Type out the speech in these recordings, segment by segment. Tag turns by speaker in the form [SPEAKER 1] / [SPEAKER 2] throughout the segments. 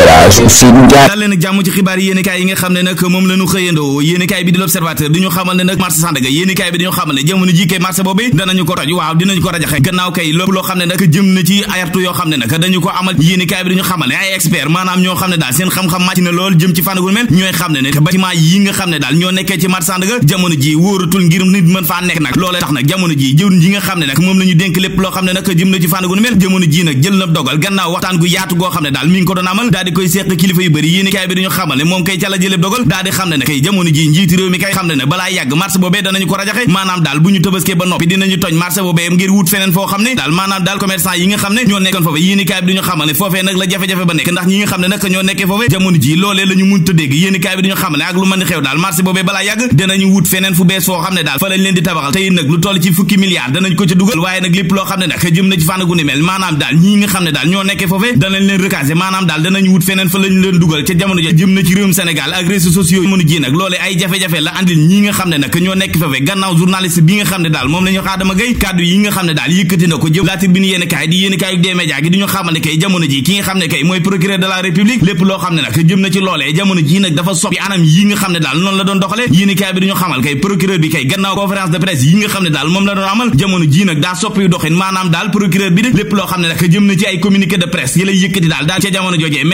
[SPEAKER 1] Elhadji leen jàmm ci xibaar yi yi nga xam ne nag moom la xëyandoo yéenekaay bi di l'observateur di ñu xamal ne nag marché Sandaga yéenekaay bi di ñu xamal ne jamono jëm ne ci fànagul mel ñooy ji wóoratul jël na dogal gannaaw waxtaan gu yaatu goo xam ne daal mi ngi ko doon amal di koy seq kilifa yu bëri yéen bi dañu xamal moom kay ca la dogal daal di xew nag lu toll ne nag mel maanaam daal ñi nga xam ne daal ñoo nekkee foofe danañ leen recaser maanaam daal danañ wut feneen fa lañ leen dugal ca jamono ja jëm na ci réewum Sénégal ak réseaux sociaux mënu ji nag loolee ay jafe-jafe la andil ñi nga xam ne nag ñoo nekk fafe gannaaw journaliste bi nga xam ne daal moom la ñu Adama Gaye kàddu yi nga xam ne daal yëkkati na ko jëm laata bi ni yéen kaay di yéen kaay des médias gi di ñu xamal ne kay jamono ji ki nga xam ne kay mooy procureur de la république lépp loo xam ne nag jëm na ci loolee jamono ji nag dafa soppi anam yi nga xam ne daal noonu la doon doxale yéen kaay bi di ñu xamal kay procureur bi kay gannaaw conférence de presse yi nga xam ne daal moom la doon amal jamono ji nag daa soppi doxin maanaam daal procureur bi de lépp loo xam ne nag jëm na ci ay communiqué de presse yi lay yëkkati daal daal ca jamono jojee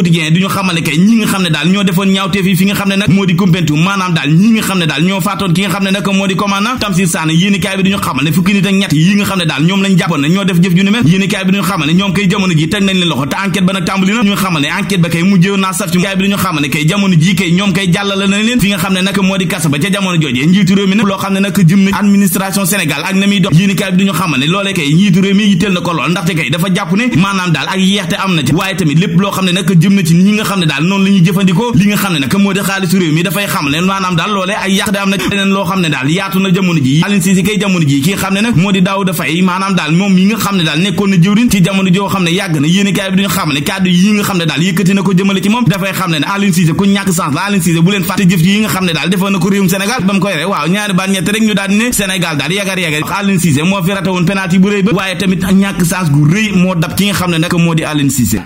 [SPEAKER 1] quotidien ñu xamal ne fukki nit nga xam ne daal ñoo def jëf ju fi nga xam ne nag moo di kasa ca jamono joojee njiitu réew mi nag loo xam ne nag jëm na administration Sénégal ak na muy dox yéenekaay bi di ñu xamal ne loolee kay njiitu réew mi yitteel na ko lool ndaxte kay dafa jàpp ne maanaam daal ak yeexte am na waaye tamit lépp loo xam ne nag jëm na ci ni ñi nga xam ne daal noonu la jëfandikoo li nga xam ne nag moo di xaalisu réew moo fi rate woon penalty bu rëy ba waaye tamit ñàkk sens gu rëy moo dab ki nga xam ne nag moo di Aliou Cissé